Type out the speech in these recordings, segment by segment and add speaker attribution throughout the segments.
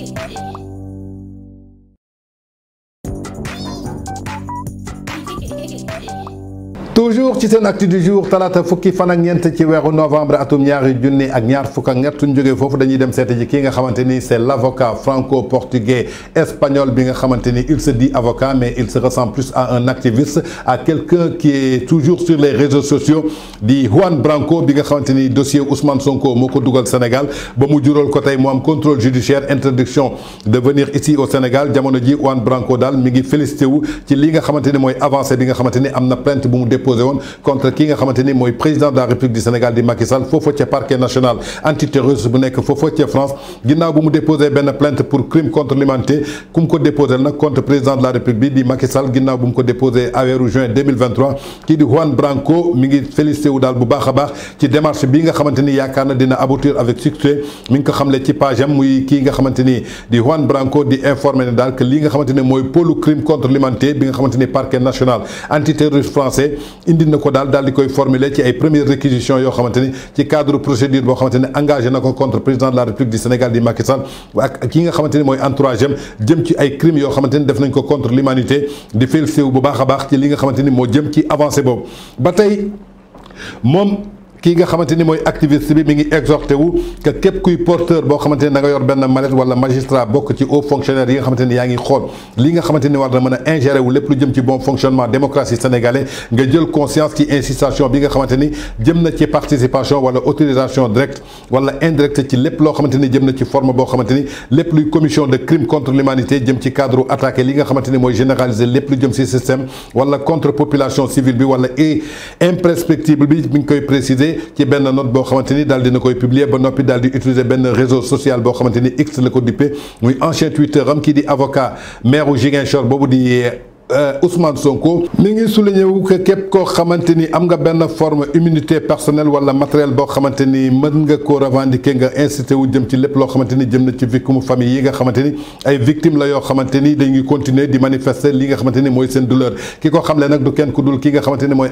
Speaker 1: Thank you. toujours ci un acte du jour Talata fukki fan ak ñeent ci weeru novembre atum ñaari junni ak ñaar fukk ak ñu jógee foofu dañuy dem seeta ji kii nga c'est l'avocat franco-portugais espagnol bi nga il se dit avocat mais il se ressemble plus à un activiste à quelqu'un qui est toujours sur les réseaux sociaux di Juan Branco bi nga dossier Ousmane Sonko moo ko Sénégal ba mu jural ko am contrôle judiciaire interdiction de venir ici au Sénégal jamono ji Juan Branco Dal, mi ngi félicité wu ci li nga xamante ni mooy avancé bi nga xamante plainte bu mu contre qui nga xamante président de la république du Sénégal di Macky Sall fofu parquet national antiterroriste bu nek fofu ci France ginnaw bu mu déposé ben plainte pour crime contre l'humanité qu'on ko déposé nak contre président de la république di Macky Sall ginnaw bu mu ko déposé aweeru juin 2023 qui di Juan Branco mi félicité wu bu baax ci démarche bi nga xamanteni yakarna na dina aboutir avec succès mi ngi ko xamlé ci page am muy ki nga xamanteni di Juan Branco di informer ne que li nga xamanteni moy crime contre l'humanité bi nga xamanteni parquet national antiterroriste français indi na ko daal daal di koy formuler ci ay premières réquisitions yoo xamante ni ci cadre procédure boo xamante ni engagé na ko contre président de la république du Sénégal di Macky Sall ak ki nga xamante ni mooy entourage am jëm ci ay crimes yoo xamante ni def nañ ko contre l'humanité di félicité bu baax a baax ci li nga xamante ni moo jëm ci avancé boobu ba tey moom kii nga xamanteni moy activiste bi mi ngi exhorté wu que kep kuy porteur bo xamanteni da nga yor ben mallette wala magistrat bok ci haut fonctionnaire yi nga xamanteni ni yaa ngi li nga xamanteni war na mëna ingérer wu lepp lu jëm ci bon fonctionnement démocratie sénégalais nga jël conscience ci incitation bi nga xamanteni jëm na ci participation wala autorisation direct wala indirect ci lepp lo xamanteni jëm na ci forme bo xamanteni lepp lépp luy commission de crime contre l'humanité jëm ci cadre attaqué li nga xamanteni moy généraliser lepp lu jëm ci système wala contre population civile bi wala imprescriptible bi mi ngi koy préciser qui est bien note notre boîte, ni dina koy publier ba utiliser réseau social le X le code Oui, ancien Twitter qui dit avocat maire u Ziguinchor Bobou di euh, Ousmane Sonko mi ngi souligné wu que képp koo xamante am nga forme immunité personnelle wala matériel boo xamante ni mën nga koo revendiquer nga incité wu jëm ci lépp loo xamante ni jëm na ci famille yi nga xamante ay victime la yoo xamante ni dañuy continuer di manifester li nga xamante ni douleur ki ko xamle nag du ku dul ki nga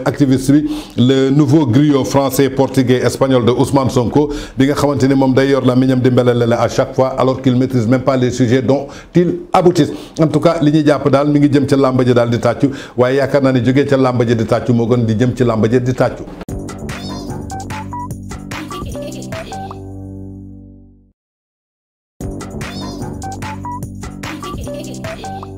Speaker 1: activiste bi le nouveau griot français portugais espagnol de Ousmane Sonko bi nga xamante ni day yor la miñam de mbelele la à chaque fois alors qu'il maîtrise même pas les sujets dont il aboutit en tout cas li ñuy jàpp daal mi ngi jëm ji daal di tàccu waaye yaakaar naa ne jógee di tàccu moo gën di jëm ci làmba di Thank you.